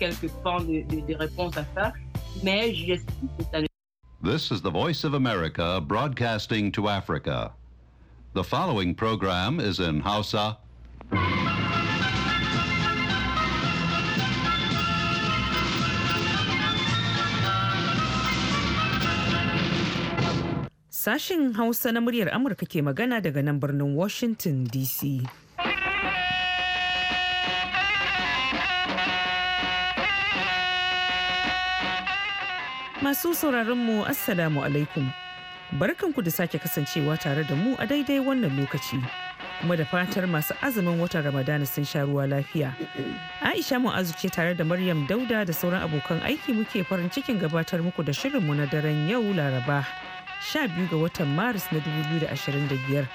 quelque forme de, de, de réponse à ça, mais j'estime que ça ne This is the Voice of America broadcasting to Africa. The following program is in Hausa. Sashing Hausa na muryar Amurka ke magana daga nan birnin Washington DC. Masu sauraronmu Assalamu alaikum. Barkanku da sake kasancewa tare da mu a daidai wannan lokaci. Kuma da fatar masu azumin watan Ramadana sun sha ruwa lafiya. Aisha Mu'azu ce tare da Maryam Dauda da sauran abokan aiki muke farin cikin gabatar muku da shirinmu na daren yau Laraba. 12 ga watan Maris na 2025.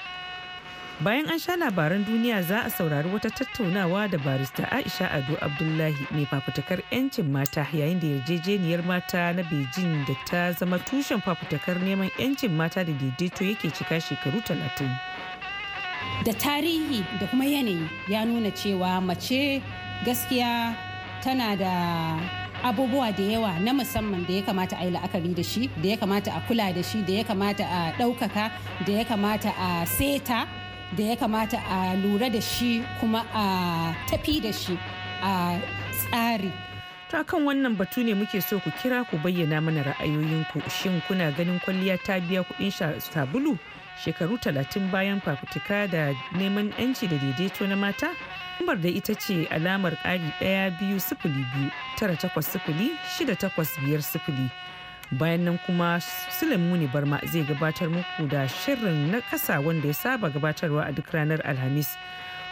Bayan an sha labaran duniya za a saurari wata tattaunawa da barista Aisha Ado Abdullahi mai fafutukar 'yancin mata yayin da yarjejeniyar mata na Beijing da ta zama tushen fafutukar neman 'yancin mata da daidaito yake cika shekaru talatin. Da tarihi da kuma yanayi ya nuna cewa mace gaskiya tana da abubuwa da yawa na musamman da ya kamata a yi la'akari da shi da ya kamata a kula da shi da ya kamata a ɗaukaka da ya kamata a seta da ya kamata a lura da shi kuma a tafi da shi a tsari ta kan wannan batu ne muke so ku kira ku bayyana mana ra'ayoyinku shin kuna ganin kwalliya ta biya kuɗin sabulu shekaru talatin bayan fafutuka da neman 'yanci da daidaito na mata lambar da ita ce alamar ƙari ɗaya biyu sifili biyu tara takwas sifili shida takwas biyar sifili bayan nan kuma sulaimu ne barma zai gabatar muku da shirin na kasa wanda ya saba gabatarwa a duk ranar alhamis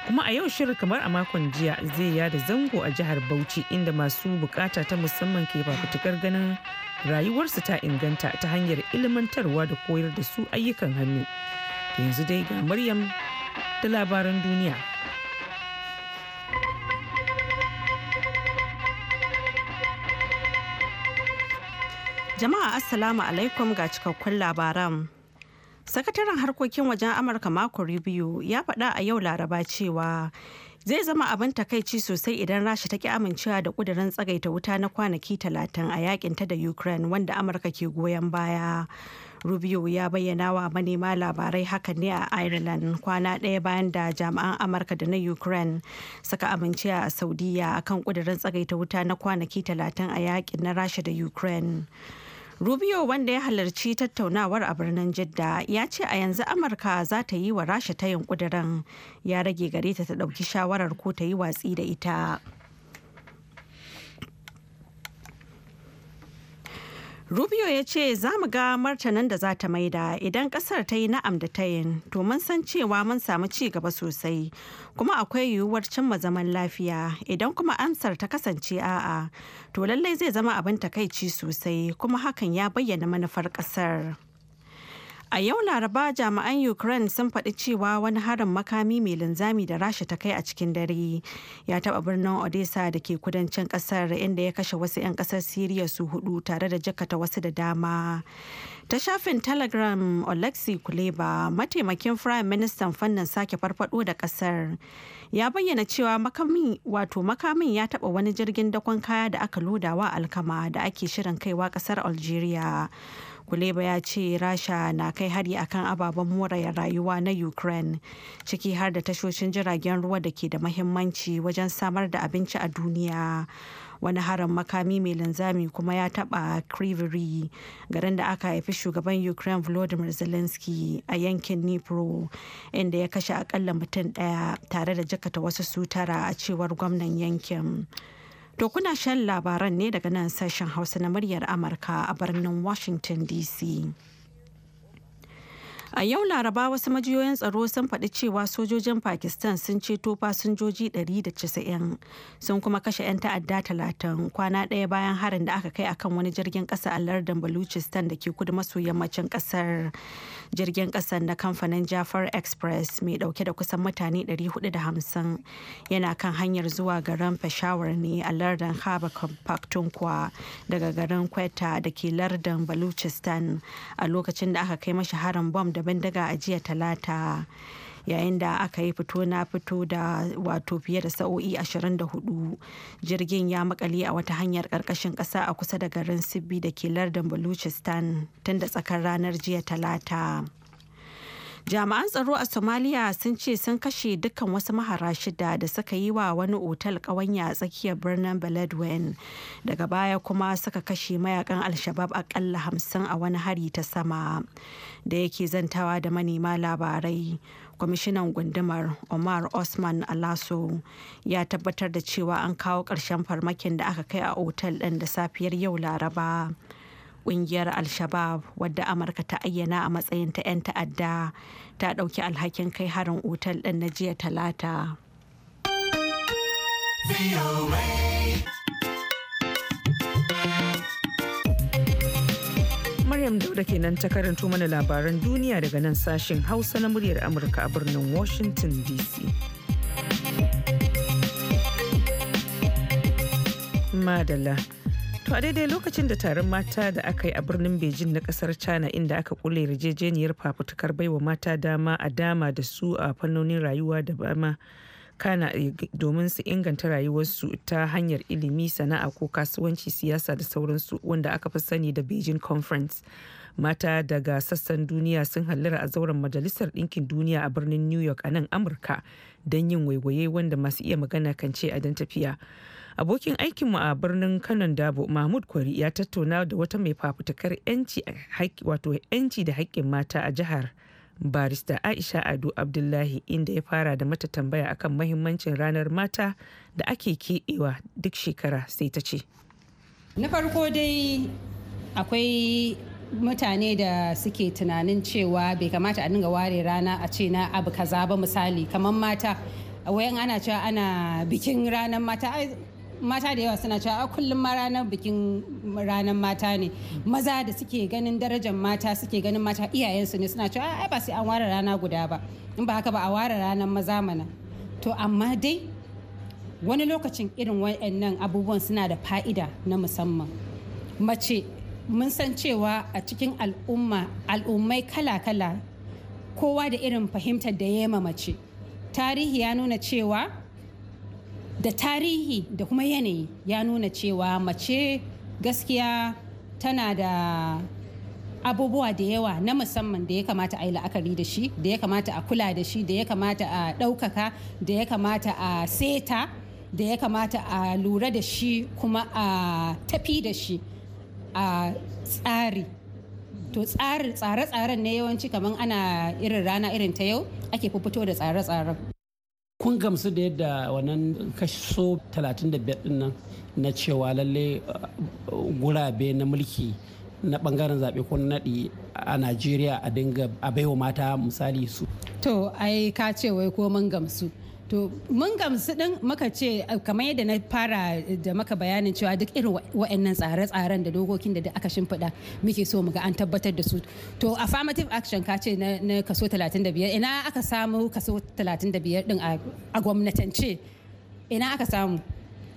kuma a yau shirin kamar a makon jiya zai yada zango a jihar bauchi inda masu bukata ta musamman ke fafutukar ganin rayuwarsu ta inganta ta hanyar ilmantarwa da koyar da su ayyukan hannu yanzu dai ga maryam da labaran duniya Jama'a Assalamu alaikum ga cikakkun labaran. Sakataren harkokin wajen Amurka mako biyu ya faɗa a yau laraba cewa zai zama abin takaici sosai idan rasha ta ki amincewa da ƙudurin tsagaita wuta na kwanaki talatin a yakin ta da ukraine wanda amurka ke goyon baya rubio ya bayyana wa manema labarai haka ne a ireland kwana ɗaya bayan da jami'an amurka da na ukraine suka amincewa a saudiya akan ƙudurin tsagaita wuta na kwanaki talatin a yakin na rasha da ukraine Rubio wanda ya halarci tattaunawar a birnin Jidda ya ce a yanzu Amurka za ta yi wa Rasha tayin kudirin ya rage gare ta ta ɗauki shawarar ko ta yi watsi da ita. Rubio ya ce za mu ga martanin da za ta maida idan kasar ta yi na'am da ta yin to mun san cewa mun samu ci gaba sosai kuma akwai yiwuwar cimma zaman lafiya idan kuma amsar ta kasance a'a to lallai zai zama abin takaici sosai kuma hakan ya bayyana manufar kasar. A yau Laraba jami'an Ukraine sun faɗi cewa wani harin makami mai linzami da Rasha ta kai a cikin dare ya taɓa birnin Odessa da ke kudancin ƙasar inda ya kashe wasu 'yan ƙasar Siriya su hudu tare da jakata wasu da dama. Ta shafin Telegram Alexei Kuleba, mataimakin Prime Ministan fannin sake farfado da ƙasar, ya bayyana cewa makamin wato makamin ya taɓa wani jirgin dakon kaya da aka lodawa alkama da ake shirin kaiwa ƙasar Algeria. Kuleba ya ce Rasha na kai hari akan ababen more rayuwa na Ukraine ciki har da tashoshin jiragen ruwa da ke da mahimmanci wajen samar da abinci a duniya. Wani harin makami mai linzami kuma ya taɓa Kriviri garin da aka haifi shugaban Ukraine Volodymyr Zelensky a yankin Dnipro inda ya kashe akalla mutum ɗaya tare da jikata wasu sutara a cewar gwamnan yankin. To kuna shan labaran ne daga nan sashen Hausa na muryar Amurka a birnin Washington DC. A yau Laraba wasu majiyoyin tsaro sun faɗi cewa sojojin Pakistan sun ceto fasinjoji 190 sun kuma kashe 'yan ta'adda 30 kwana ɗaya bayan harin da aka kai akan wani jirgin ƙasa a lardin Baluchistan da ke kudu maso yammacin ƙasar. Jirgin ƙasa na kamfanin Jafar Express mai ɗauke da kusan mutane 450 yana kan hanyar zuwa garin Peshawar ne a lardin Haba daga garin Quetta da ke lardin Baluchistan a lokacin da aka kai mashi harin bom da bindiga a jiya talata yayin da aka yi fito na fito da wato fiye da sa'o'i 24 jirgin ya makale a wata hanyar karkashin kasa a kusa da garin sibbi da ke lardin baluchistan tun da tsakar ranar jiya talata jami'an tsaro a somaliya sun ce sun kashe dukkan wasu mahara shida da suka yi wa wani otal ƙawanya tsakiyar birnin baladwin daga baya kuma suka kashe mayakan alshabab akalla hamsin a wani hari ta sama da yake zantawa da manema labarai kwamishinan gundumar omar osman alaso ya tabbatar da cewa an kawo ƙarshen farmakin da aka kai a otal ɗin da safiyar yau laraba kungiyar al-shabab wadda amurka ta ayyana a matsayin ta 'yan ta'adda ta dauki alhakin kai harin otal din na jiya talata Maryam Dauda kenan ta karanto mana labaran duniya daga nan sashen Hausa na muryar Amurka a birnin Washington DC. madala To a daidai lokacin da taron mata da aka yi a birnin Beijing na kasar China inda aka kule yarjejeniyar fafutukar baiwa mata dama a dama da su a fannonin rayuwa da bama kana domin su inganta rayuwarsu ta hanyar ilimi sana'a ko kasuwanci siyasa da sauransu wanda aka fi sani da Beijing Conference. Mata daga sassan duniya sun hallara a zauren Majalisar Ɗinkin Duniya a birnin New York a nan Amurka don yin waiwaye wanda masu iya magana kan ce a don tafiya. Abokin aikinmu a birnin Kanon Dabo Mahmud Kwari ya tattauna da wata mai fafutukar 'yanci da haƙƙin mata a jihar. barista aisha ado abdullahi inda ya fara da mata tambaya akan mahimmancin ranar mata da ake keɓewa duk shekara sai ta ce na farko dai akwai mutane da suke tunanin cewa bai kamata a dinga ware rana a ce na abu kaza ba misali kamar mata wayan ana cewa ana bikin ranar mata mata da yawa suna cewa kullum ma ranar bikin ranar mata ne maza da suke ganin darajar mata suke ganin mata iyayensu ne suna cewa ai ba sai an ware rana guda ba in ba haka ba a ware ranar maza mana to amma dai wani lokacin irin waɗannan abubuwan suna da fa'ida na musamman mace mun san cewa a cikin al'umma al'ummai kala-kala kowa da irin fahimtar da ya mace tarihi ya nuna cewa da tarihi da kuma yanayi ya nuna cewa mace gaskiya tana da abubuwa da yawa na musamman da ya kamata a yi la'akari da shi da ya kamata a kula da shi da ya kamata a ɗaukaka da ya kamata a seta da ya kamata a lura da shi kuma a tafi da shi a tsari to tsare-tsaren ne yawanci kamar ana irin rana irin ta yau ake fito da tsare-tsaren kun gamsu da yadda wannan so 35 din nan na cewa lalle uh, gurabe na mulki na bangaren zaɓe ko naɗi a najeriya a dinga a baiwa mata misali su to ai ka ce wai ko mun gamsu To mun gamsu din muka ce eh, kamar yadda na fara eh, da maka bayanin cewa duk irin wa'annan tsare-tsaren da dokokin da aka shimfiɗa muke so muga an tabbatar da su. To affirmative action ka ce na kaso 35 ina aka samu kaso 35 din a gwamnatance ina aka samu.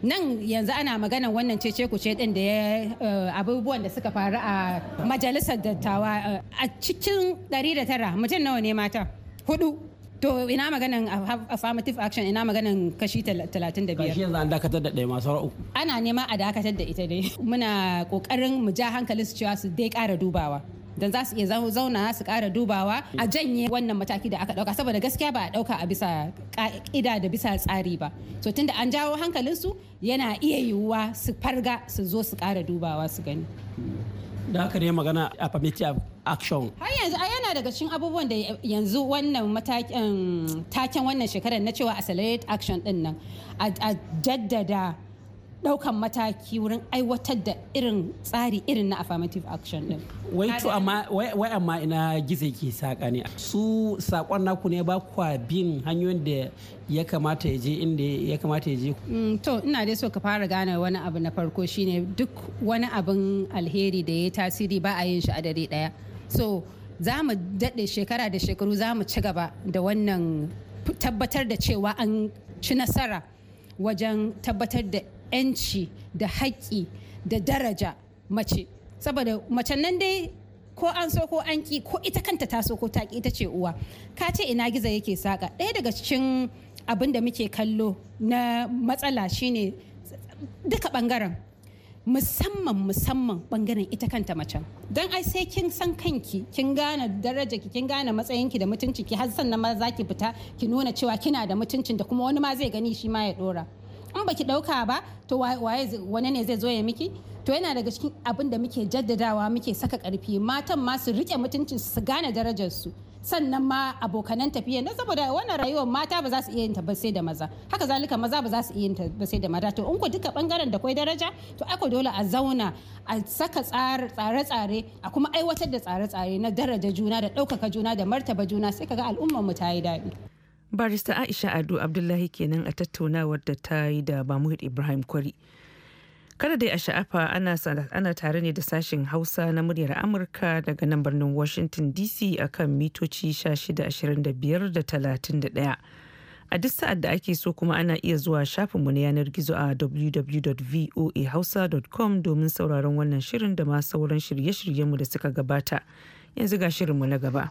nan yanzu ana magana wannan cece ce din da ya eh, abubuwan da suka faru a majalisar dattawa a cikin 109 mutum nawa ne mata hudu to ina maganin affirmative action ina maganin kashi 35 kashi yanzu an dakatar da ɗaya masu ra'u. ana nema a dakatar da ita dai muna kokarin mu ja hankalin su cewa su dai ƙara dubawa dan za su iya zauna su kara dubawa a janye wannan mataki da aka ɗauka saboda gaskiya ba a dauka a bisa ka'ida da bisa tsari ba so tunda an jawo hankalin su yana iya yiwuwa su farga su zo su kara dubawa su gani da haka ne magana affirmative action har yanzu a yana daga cikin abubuwan da yanzu wannan matakin taken wannan shekarar na cewa accelerate action din nan a jaddada daukan mataki wurin aiwatar da irin tsari irin na affirmative action din wai to amma wai amma ina gize ke saka ne su sakon naku ne ba kwa bin hanyoyin da ya kamata ya je inda ya kamata ya je mm, to ina dai so ka fara gane wani abu na farko shine duk wani abin alheri da ya tasiri ba a yin shi a dare daya so za mu daɗe shekara da shekaru za mu ci gaba da wannan tabbatar da cewa an ci nasara wajen tabbatar da 'yanci da haƙƙi da daraja mace saboda mace nan dai ko an so ko an ki ko ita kanta ta so ko ta ita ce uwa ka ce ina giza yake saka ɗaya daga cikin abin da muke kallo na matsala shine duka ɓangaren musamman musamman ɓangaren ita kanta macen don ai sai kin san kanki kin gane daraja kin gane matsayinki da mutunci ki har sannan ma za ki fita ki nuna cewa kina da mutuncin da kuma wani ma zai gani shi ma ya dora in baki dauka ba to waye wani ne zai zo ya miki to yana daga cikin abin da muke jaddadawa muke saka karfi matan ma su rike mutuncin su gane darajar su sannan ma abokanan tafiya na saboda wannan rayuwar mata ba za su iya yin ba sai da maza haka zalika maza ba za su iya yin ba sai da mata to in ku duka bangaren da kwai daraja to ako dole a zauna a saka tsare-tsare a kuma aiwatar da tsare-tsare na daraja juna da ɗaukaka juna da martaba juna sai kaga al'ummar mu ta yi daɗi barista aisha ado abdullahi kenan a tattaunawar da ta yi da mahmud ibrahim kwari kada dai a sha'afa ana tare ne da sashen hausa na muryar amurka daga nan birnin washington dc a kan mitoci 1625 da 31 a duk sa'ad da ake so kuma ana iya zuwa shafinmu na yanar gizo a www.voahausa.com domin sauraron wannan shirin da ma sauran shirye-shiryenmu da suka gabata yanzu ga shirinmu na gaba.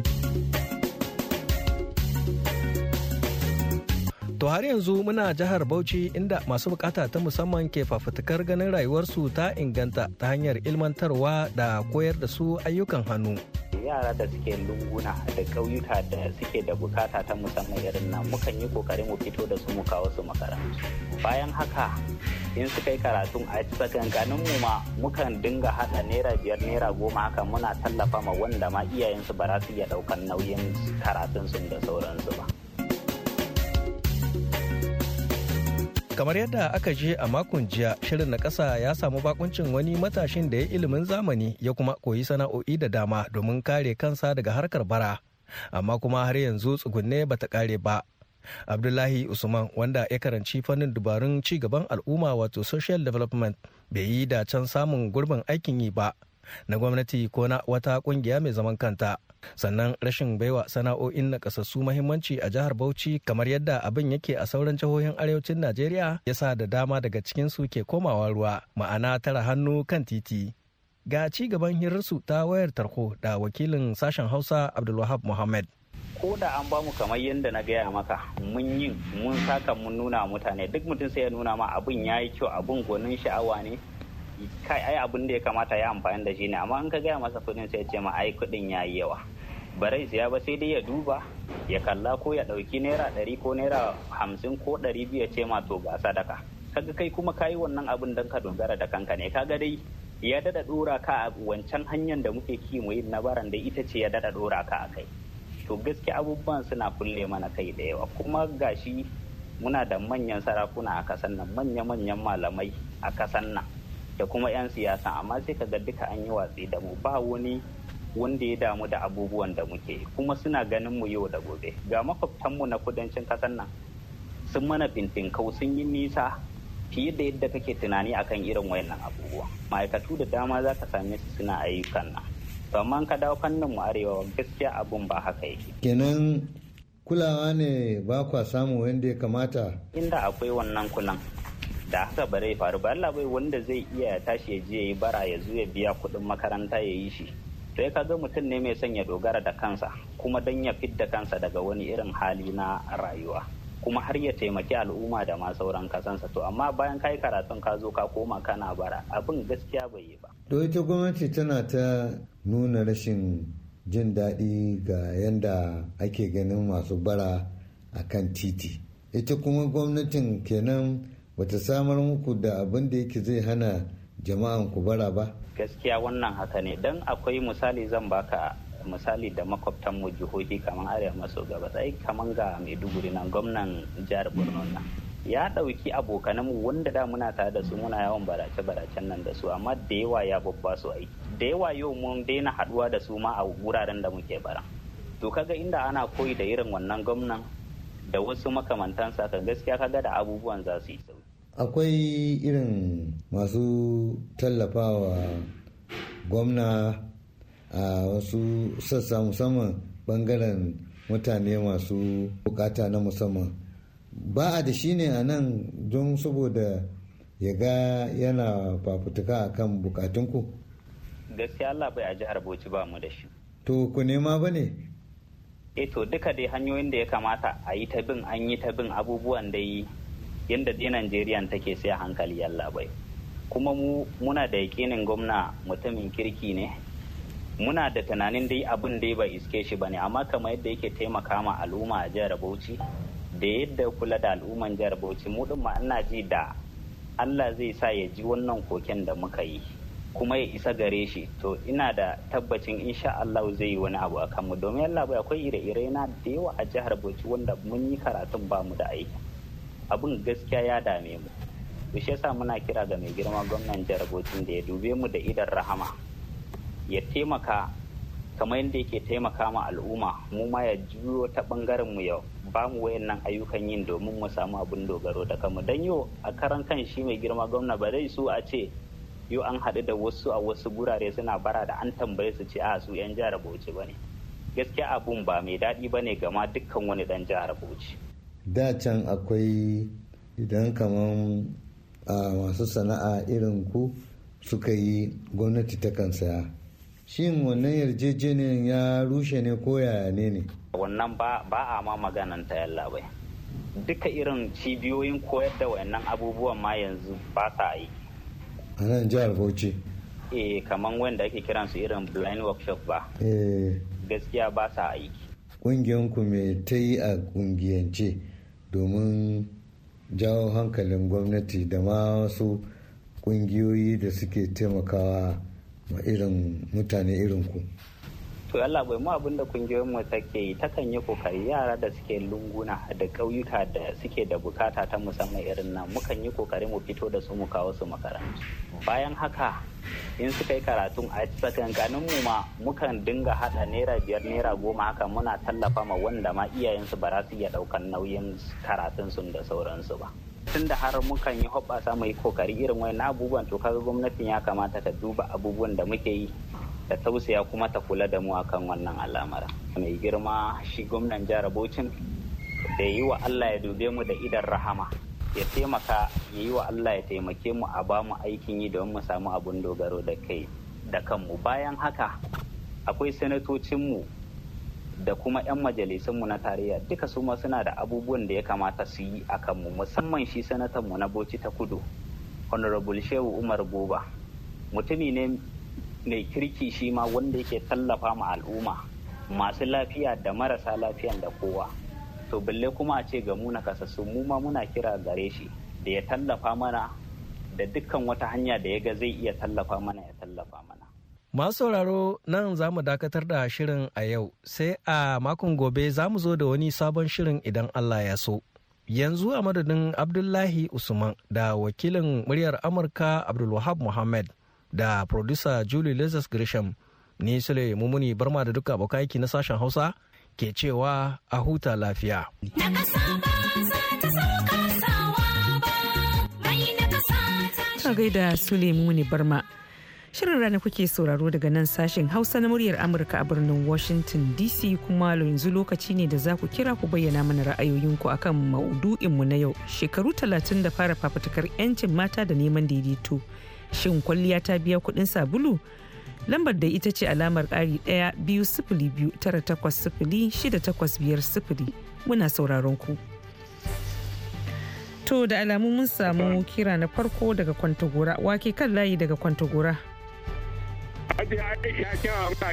To har yanzu muna jihar Bauchi inda masu bukata ta musamman ke fafutukar ganin rayuwarsu ta inganta ta hanyar ilmantarwa da koyar da su ayyukan hannu. Yara da suke lunguna da ƙauyuka da suke da bukata ta musamman irin nan mukan yi kokari mu fito da su mu kawo su makarantu. Bayan haka in su kai karatun a tsakankanin mu ma mukan dinga haɗa naira biyar naira goma haka muna tallafa ma wanda ma iyayensu ba za su iya ɗaukan nauyin karatunsu da sauransu ba. kamar yadda aka je a makon jiya shirin na ƙasa ya samu bakuncin wani matashin da ya ilimin zamani ya kuma koyi sana'o'i da dama domin kare kansa daga harkar bara amma kuma har yanzu tsugunne ta kare ba abdullahi usman wanda ya karanci fannin dubarun ci gaban al'umma wato social development bai yi da can samun gurbin aikin yi ba na gwamnati ko na wata kungiya mai zaman kanta sannan rashin baiwa sana'o'in nakasassu mahimmanci a jihar bauchi kamar yadda abin yake a sauran jihohin arewacin najeriya ya sa da dama daga cikin su ke komawa ruwa ma'ana tara hannu kan titi ga ci gaban hirarsu ta wayar tarho da wakilin sashen hausa abdulwahab muhammad ko da an ba mu kamar yadda na gaya maka mun yi mun saka mun nuna mutane duk mutum sai ya nuna ma abin ya yi kyau abin gonin sha'awa ne kai ai abin da ya kamata ya amfani da shi ne amma in ka gaya masa kudin sai ya ce ma ai kudin ya yi yawa barai siya ba sai dai ya duba ya kalla ko ya ɗauki naira ɗari ko naira hamsin ko ɗari biyu ya ce ma to ba sadaka kaga kai kuma kayi wannan abin don ka dogara da kanka ne kaga dai ya daɗa dora ka a wancan hanyar da muke ki mu na nabaran da ita ce ya dada dora ka a kai to gaskiya abubuwan suna kulle mana kai da yawa kuma gashi muna da manyan sarakuna a kasan nan manya-manyan malamai a kasan nan da kuma 'yan siyasa amma sai ka ga duka an yi watsi da mu ba wani wanda ya damu da abubuwan da muke kuma suna ganin mu yau da gobe ga makwabtanmu na kudancin kasan nan sun mana fintinkau sun yi nisa fiye da yadda kake tunani akan irin wayannan abubuwa ma'aikatu da dama za ka same su suna ayyukan nan to amma ka dawo fannin mu arewa gaskiya abun ba haka yake kenan kulawa ne ba kwa samu wanda ya kamata inda akwai wannan kulan da haka ba zai faru ba Allah bai wanda zai iya tashi ya je ya yi bara ya zo ya biya kuɗin makaranta ya yi shi to ya kaga mutum ne mai son ya dogara da kansa kuma don ya fidda kansa daga wani irin hali na rayuwa kuma har ya taimaki al'umma da ma sauran kasansa to amma bayan kai karatun ka zo ka koma kana bara abin gaskiya bai yi ba to ita gwamnati tana ta nuna rashin jin daɗi ga yanda ake ganin masu bara a kan titi ita kuma gwamnatin kenan bata samar muku da abin da yake zai hana jama'an ku bara ba gaskiya wannan haka ne don akwai misali zan baka misali da makwabtan mu jihohi kamar arewa maso gabas ai kamar ga maiduguri nan gwamnan jihar borno nan ya ɗauki mu wanda da muna tare da su muna yawan barace baracen nan da su amma da yawa ya babba su aiki da yawa yau mun daina haduwa da su ma a wuraren da muke bara to kaga inda ana koyi da irin wannan gwamnan da wasu makamantansa kan gaskiya kaga da abubuwan za su yi sauki akwai irin masu tallafawa gwamna a wasu sassa musamman bangaren mutane masu bukata na musamman ba a da shi ne a nan don saboda ya ga yana fafutuka a kan bukatunku gaskiya Allah bai a jihar Bauchi ba mu da shi to ku nema ba ne e to duka dai hanyoyin da ya kamata a yi ta bin an yi ta bin abubuwan da yi yadda dai najeriya take sai hankali yallaɓai kuma mu muna da yakinin gwamna mutumin kirki ne muna da tunanin dai abin dai bai iske shi ba ne amma kamar yadda yake taimaka ma al'umma a jihar bauchi da yadda kula da al'umman jihar bauchi mu din ma ina ji da allah zai sa ya ji wannan koken da muka yi kuma ya isa gare shi to ina da tabbacin insha Allah zai yi wani abu a kanmu domin Allah akwai ire-ire na da yawa a jihar Bauchi wanda mun yi karatun ba mu da aiki abin gaskiya ya dame mu to shi yasa muna kira ga mai girma gwamnan jihar da ya dube mu da idan rahama ya taimaka kamar yadda yake taimaka ma al'umma mu ma ya juyo ta bangaren mu yau ba mu wayannan ayyukan yin domin mu samu abin dogaro da kanmu dan yau a karan kan shi mai girma gwamna ba zai so a ce yau an haɗu da wasu a wasu gurare suna bara da an tambaye su ce a su 'yan jihar Bauchi ba ne gaskiya abun ba mai daɗi ba ne gama dukkan wani dan jihar Bauchi. da can akwai idan kamar masu sana'a irin ku suka yi gwamnati ta kan saya shin wannan yarjejeniyar ya rushe ne ko yaya ne ne wannan ba a ma maganan ta yalla bai duka irin cibiyoyin koyar da wayannan abubuwan ma yanzu ba sa yi a nan jihar bauchi eh kaman wanda ake kiran su irin blind workshop ba eh gaskiya ba sa aiki ƙungiyar ku me ta yi a ƙungiyance domin jawo hankalin gwamnati da ma wasu kungiyoyi da suke taimakawa ma irin mutane irin ku. to Allah bai mu abin da kungiyoyin mu take yi takan yi kokari yara da suke lunguna da ƙauyuka da suke da bukata ta musamman irin nan mukan yi kokari mu fito da su mu kawo su makarantu bayan haka in suka yi karatun a tsakankanin mu ma mukan dinga haɗa naira biyar naira goma haka muna tallafa ma wanda ma iyayensu ba za su iya daukan nauyin karatun sun da sauransu ba tun da har mukan yi hoɓɓasa mu yi kokari irin wayan abubuwan to kaga gwamnatin ya kamata ta duba abubuwan da muke yi ta tausaya kuma ta kula da mu akan wannan al'amara mai girma shi gwamnan jihar Bauchin da yi wa Allah ya dube mu da idan rahama ya taimaka ya yi wa Allah ya taimake mu a ba mu aikin yi don mu samu abun dogaro da kai da kanmu bayan haka akwai sanatocinmu da kuma 'yan majalisunmu na tarayya duka su ma suna da abubuwan da ya kamata su yi a kanmu musamman shi sanatanmu na bauchi ta kudu honorable shehu umar goba mutumi ne mai kirki shi ma wanda yake tallafa ma al'umma masu lafiya da marasa lafiyan da kowa to balle kuma a ce ga mu nakasassu mu ma muna kira gare shi da ya tallafa mana da dukkan wata hanya da ya ga zai iya tallafa mana ya tallafa mana masu sauraro nan za mu dakatar da shirin a yau sai a makon gobe za mu zo da wani sabon shirin idan allah ya so yanzu a madadin abdullahi usman da wakilin muryar amurka abdulwahab muhammad da producer Julie Lazarus Grisham ni Sule Mumuni Barma da duka abokan aiki na sashen Hausa ke cewa a huta lafiya. Ka gaida Sule Mumuni Barma. Shirin rana kuke sauraro daga nan sashen Hausa na muryar Amurka a birnin Washington DC kuma yanzu lokaci ne da za ku kira ku bayyana mana ra'ayoyinku akan maudu'inmu na yau shekaru talatin da fara fafatakar 'yancin mata da neman daidaito. Shin kwalliya ta biya kudin sabulu? Lambar da ita ce alamar kari daya biyu sifili biyu tara takwas sifili shida takwas biyar sifili. Muna sauraron ku. To da alamu mun samu kira na farko daga Kwantagora, wake kan layi daga Kwantagora.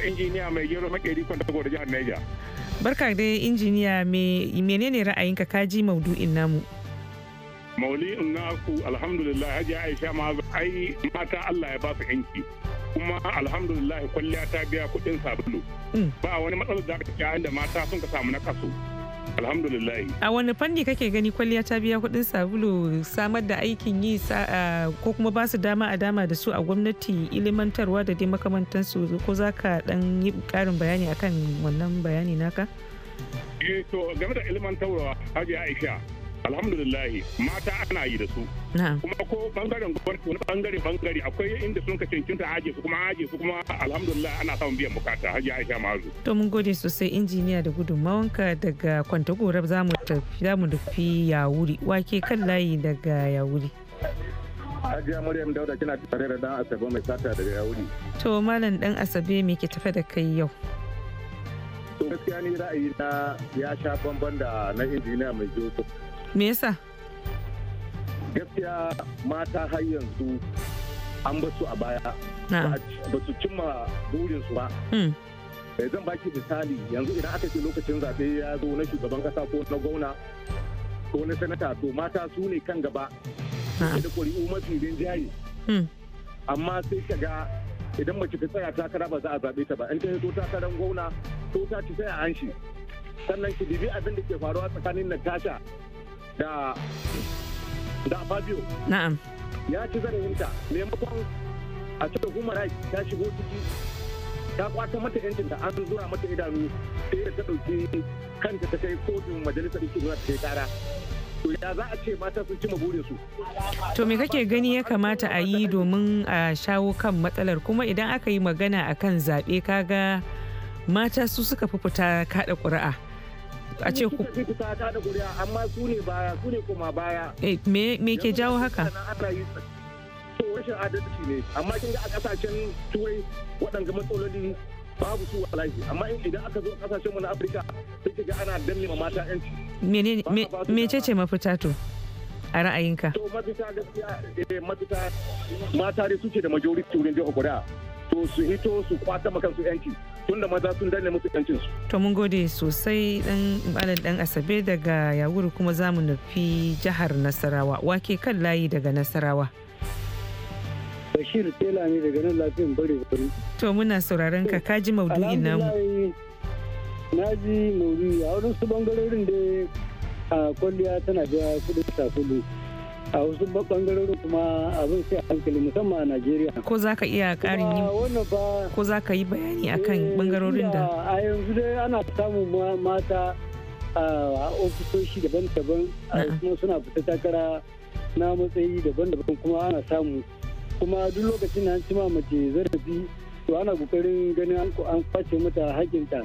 injiniya mai gero jihar Neja. Barka dai injiniya menene ra'ayinka kaji maudu'in namu? na naku alhamdulillah Hajji Aisha ma ai mata Allah ya ba su yanki. kuma alhamdulillah kwalliya ta biya kuɗin sabulu. Mm. Ba wani matsalar da aka yayin da mata sun ka samu na kaso. Alhamdulillah. A wani fanni kake gani kwalliya ta biya kuɗin sabulu samar da aikin yi ko kuma ba su dama a dama da su a gwamnati ilimantarwa da dai makamantansu ko za ka dan yi ƙarin bayani akan wannan bayani naka? Eh to game da ilimantarwa Hajiya Aisha. alhamdulillah mata ana yi da su kuma ko bangaren gwamnati wani bangare bangare akwai inda sun kace cancanta aje su kuma aje su kuma alhamdulillah ana samun biyan bukata hajji aisha mazu to mun gode sosai injiniya da gudunmawanka daga kwantagorab za mu tafi yawuri wake kan layi daga yawuri Hajiya Maryam Dauda kina tare da dan Asabe mai sata daga yawuri. To Malam dan Asabe me ke tafe da kai yau? To gaskiya ni ra'ayi na ya sha bamban da na injiniya mai Joseph. me yasa gaskiya mata har yanzu an basu a baya ba su cimma burinsu ba hmm. eh, zan baki misali yanzu idan aka ce lokacin zafi ya zo na shugaban kasa ko na gwamna ko na sanata to mata su ne kan gaba da ƙuri'u mafi rinjaye hmm. amma sai ka ga idan mace ta tsaya takara ba za a zaɓe ta ba in ta to takarar gwamna to ta ci tsaya an shi sannan ki dibi abin da ke faruwa tsakanin natasha da da Fabio na'am ya ci zarafinta maimakon a cikin human rights ta shigo ciki ta kwata mata yancin ta an zura mata idanu sai da ta dauki kanta ta kai kotun majalisar ɗinkin ta yi kara to ya za a ce mata sun cima burin su to me kake gani ya kamata a yi domin a shawo kan matsalar kuma idan aka yi magana akan zaɓe kaga mata su suka fi fita kaɗa ƙuri'a a ce ku amma su ne baya su ne kuma baya eh, me ke jawo haka to rashin adalci ne amma kin ga a kasashen turai waɗanda matsaloli babu su wallahi amma idan aka zo kasashen mu na Afirka sai kiga ana danne ma mata yanci menene mecece mafita to a ra'ayinka to mafita gaskiya eh, mafita mata dai suke da majority wurin jiha guda to su hito su kwata makan su yanci tunda maza sun danne musu yancin su to mun gode sosai dan malam dan asabe daga yawuri kuma zamu nufi jihar nasarawa wake kan layi daga nasarawa bashir tela ne daga nan lafiyan bare bare to muna sauraron ka kaji maudu'in namu na ji maudu'i a wurin su bangarorin da kwalliya tana biya kudin sabulu a wasu bangarorin kuma abin sai hankali musamman a najeriya ko za ka iya karin yi ko za ka yi bayani akan bangarorin eh, da a yanzu dai ana samun mata a ofisoshi daban-daban kuma suna fita takara na matsayi daban-daban kuma ana samu kuma duk lokacin da an cima mace zarafi to ana kokarin ganin an kwace mata hakinta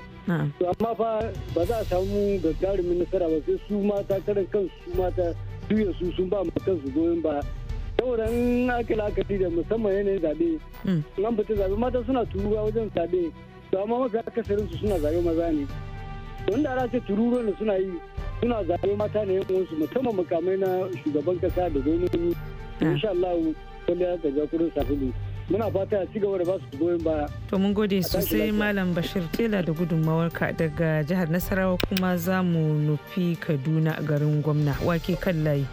to amma fa ba za a samu gagarumin nasara ba sai su mata karan kansu su mata juya su sun ba mu kansu goyon ba saboda in aka la'akari da musamman yanayin zabe mm. an fita zabe mata suna turuwa wajen zabe to amma mafi akasarin su suna zabe maza ne don da ana ce tururo da suna yi suna zabe mata ne yan wasu musamman mukamai na shugaban kasa da gwamnati ah. insha Allah wanda ya tsaga kurin safulu muna fata a gaba da basu goyon baya. To mun gode sosai Malam Bashir Tela da gudunmawarka daga jihar Nasarawa kuma za mu nufi Kaduna a garin gwamna wake kan layi.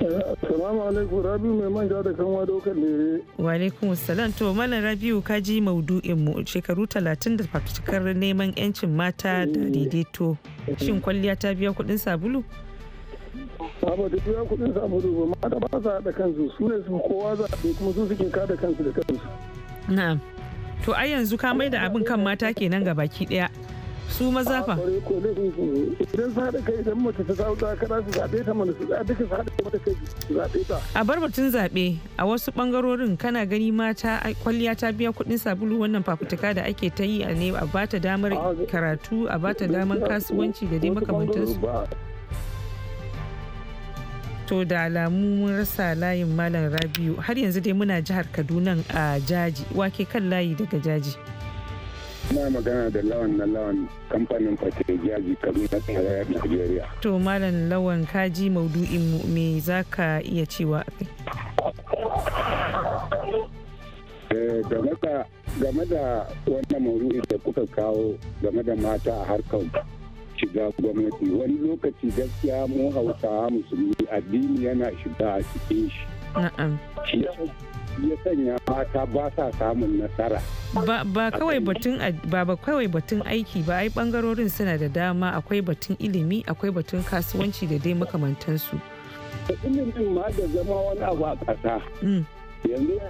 Salamu alaikum Rabiu mai manja da kanwa daukar lere. Wa alaikum salam to Malam Rabiu ka ji maudu'in mu shekaru talatin da fafutukar neman 'yancin mata da daidaito. Shin kwalliya ta biya kuɗin sabulu? Amma da turan kuɗin dubo ba da ba sa haɗa kansu su ne su kowa za a kuma su suke kada kansu da kansu. Na'am. To ai yanzu ka mai da abin kan mata kenan ga baki ɗaya. su maza fa idan su haɗa kai idan mace ta zaɓe ta kada su zaɓe ta mana su zaɓe ka haɗa mata kai su zaɓe ta a bar batun zaɓe a wasu ɓangarorin kana gani mata kwalliya ta biya kuɗin sabulu wannan fafutuka da ake ta yi a ne a bata damar karatu a bata damar kasuwanci da dai makamantansu to da alamu mun rasa layin malam rabiu har yanzu dai muna jihar kaduna a jaji wake kan layi daga jaji Ina magana da lawan na lawan kamfanin fate jaji kaduna tsarayar najeriya to malam lawan kaji maudu'in me za ka iya cewa eh, game da wannan maudu'in da kuka kawo game da mata a harkar shiga gwamnati wani lokaci gaskiya mu hausawa musulmi addini yana shiga a cikin shi ya sanya mata ba sa samun nasara ba kawai batun aiki ba ai bangarorin suna da dama akwai batun ilimi akwai batun kasuwanci da dai makamantansu ilimin ma da zama wani abu a ƙasa yanzu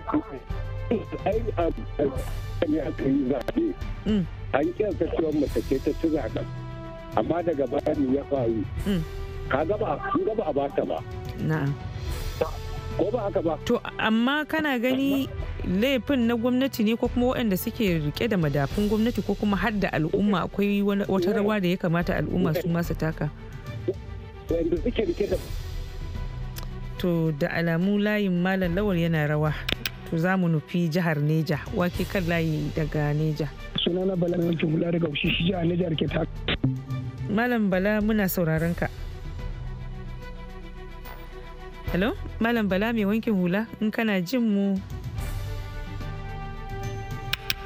ai a ne aka yi zaɓe an kyan kashiwar mace ce ta ci amma daga bayani ya faru hmm. ka gaba a bata ba ko ba haka ba to amma kana gani laifin na gwamnati ne ko kuma waɗanda suke rike da madafun gwamnati ko kuma har da al'umma akwai wata rawa da ya kamata al'umma su masu taka suke rike da to da alamu layin malam lawal yana rawa to za mu nufi jihar neja wake kan layi daga neja sunana bala jumla hula daga ushishi jihar neja ke taka Malam Bala muna sauraron ka. Hello? Malam Bala mai wankin hula in kana jin mu.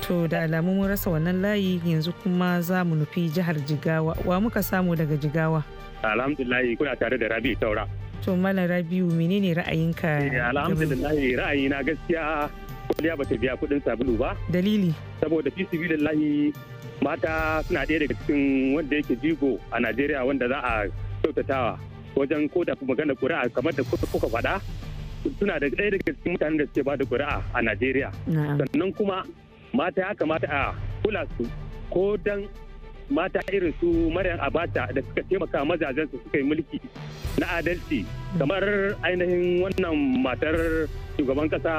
To da alamu mun rasa wannan layi yanzu kuma za mu nufi jihar Jigawa. Wa muka samu daga Jigawa? Alhamdulillah kuna tare da Rabi Saura. To Malam Rabiu menene ra'ayinka? ra'ayi eh, ra'ayina gaskiya ba ta biya kudin sabulu ba. Dalili? Saboda fi lahi. mata suna ɗaya daga cikin wanda yake jigo a najeriya wanda za a kyautatawa wajen ko da magana ƙuri'a kamar da kuka faɗa suna da ɗaya daga cikin mutanen da suke ba da ƙuri'a a najeriya sannan kuma mata ya kamata a kula su ko dan mata irin su maryam abata da suka taimaka mazajen su suka yi mulki na adalci mm. kamar ainihin wannan matar shugaban kasa.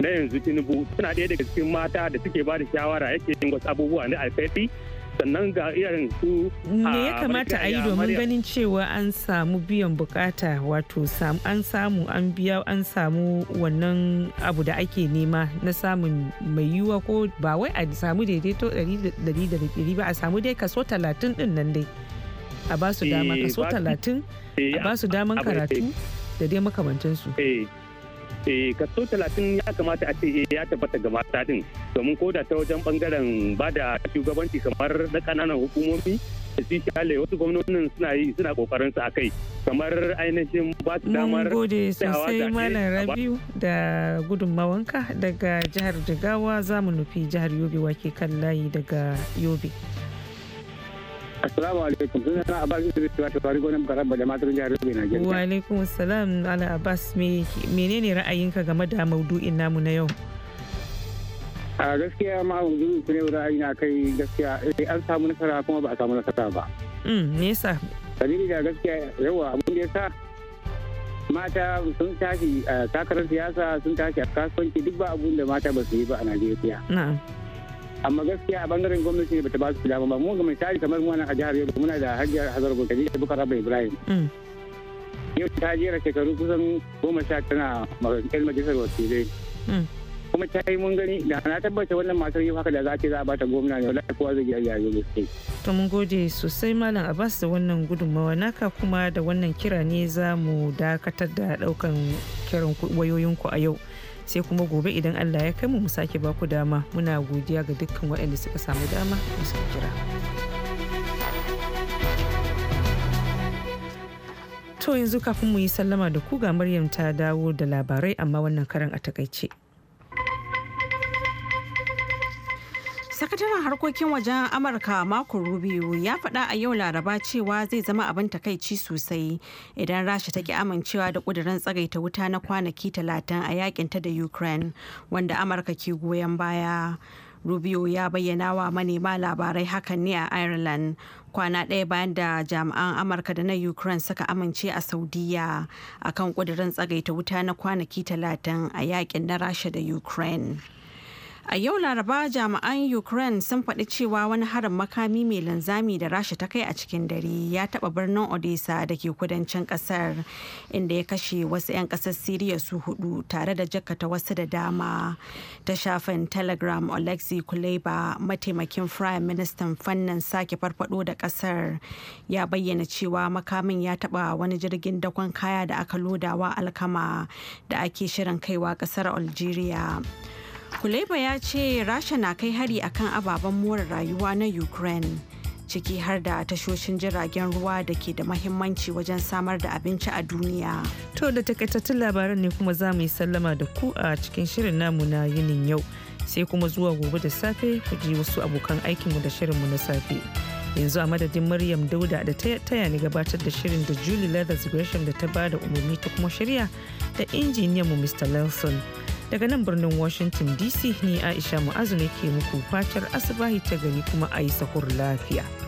na yanzu tinubu suna ɗaya daga cikin mata da suke ba da shawara yake yin wasu abubuwa na alfafi sannan ga irin su me ya ah, kamata a yi domin ganin cewa an samu biyan bukata wato an samu an biya an samu wannan abu da ake nema na samun mai yiwuwa ko ba wai a samu daidaito dari ba a samu dai kaso talatin din nan dai a ba su dama eh, kaso talatin eh, a ba su daman karatu eh. da dai makamantansu. eh kaso talatin ya kamata a ce eh, ya tabbata ga mata din domin ko da ta wajen bangaren ba da shugabanci kamar na kananan hukumomi da su shale wasu gwamnonin suna yi suna kokarin su akai kamar ainihin ba su damar gode sosai malam rabiu da gudunmawanka daga jihar jigawa za mu nufi jihar yobe wake kan layi daga yobe Assalamu alaikum suna na Abbas Idris ta tawarin gonan Karan Bada Matar Jihar Yobe Najeriya. Wa alaikum assalam Malam Abbas menene ra'ayinka game da maudu'in namu na yau? A gaskiya ma maudu'in ku ne ra'ayi na kai gaskiya eh, an samu nasara kuma ba a samu nasara ba. Mm me Dalili da gaskiya yawa abin da yasa mata sun tashi a eh, takarar siyasa sun tashi a kasuwanci duk ba abun da mata ba su yi ba a Najeriya. Na'am. amma gaskiya a bangaren gwamnati ne bata ba su dama ba mu ga misali kamar mu nan a jihar Yobe muna da Hajiya Hazar Gokari da Bukar Abba Ibrahim mm. yau ta jera shekaru kusan goma sha tana makarantar majalisar wakilai mm. kuma ta yi mun gani da na tabbata wannan matar yi haka da za ta za a ba ta gwamna ne wadda kowa zai yi yau gaske. to mun gode sosai malam abbas da wannan gudunmawa naka kuma da wannan kira ne za mu dakatar da daukan kiran wayoyinku a yau. sai kuma gobe idan allah ya kai mu mu sake baku dama muna godiya ga dukkan waɗanda suka samu dama da suka kira to yanzu kafin mu yi sallama da ku ga maryam ta dawo da labarai amma wannan karan a takaice sakataren harkokin wajen amurka marco rubio ya faɗa a yau laraba cewa zai zama abin takaici sosai idan rasha ta ki amincewa da ƙudurin tsagaita wuta na kwanaki talatin a ta da ukraine wanda amurka ke goyon baya rubio ya bayyana wa manema labarai hakan ne a ireland kwana ɗaya bayan da jami'an amurka da na ukraine suka amince a saudiya akan ƙudurin tsagaita wuta na kwanaki talatin a yakin na rasha da ukraine A yau Laraba jami'an Ukraine sun faɗi cewa wani harin makami mai linzami da Rasha ta kai a cikin dare ya taɓa birnin Odessa da ke kudancin ƙasar inda ya kashe wasu 'yan ƙasar Siriya su hudu tare da jakata wasu da dama. Ta shafin Telegram Alexei Kuleba mataimakin Prime Ministan fannin sake farfado da ƙasar ya bayyana cewa makamin ya taɓa wani jirgin dakon kaya da aka lodawa alkama da ake shirin kaiwa ƙasar Algeria. Kuleba ya ce Rasha na kai hari akan ababen more rayuwa na Ukraine ciki har da tashoshin jiragen ruwa da ke da mahimmanci wajen samar da abinci a duniya. To da takaitattun labaran ne kuma za mu yi sallama da ku a cikin shirin namu na yinin yau sai kuma zuwa gobe da safe ku ji wasu abokan aikinmu da shirin mu na safe. Yanzu a madadin Maryam Dauda da ta taya ni gabatar da shirin da Julie Leathers Gresham da ta bada umarni ta kuma shirya da injiniyan mu Mr. Nelson. daga nan birnin washington dc ne aisha mu'azu ne ke muku fatar asibahi ta gani kuma a yi sahur lafiya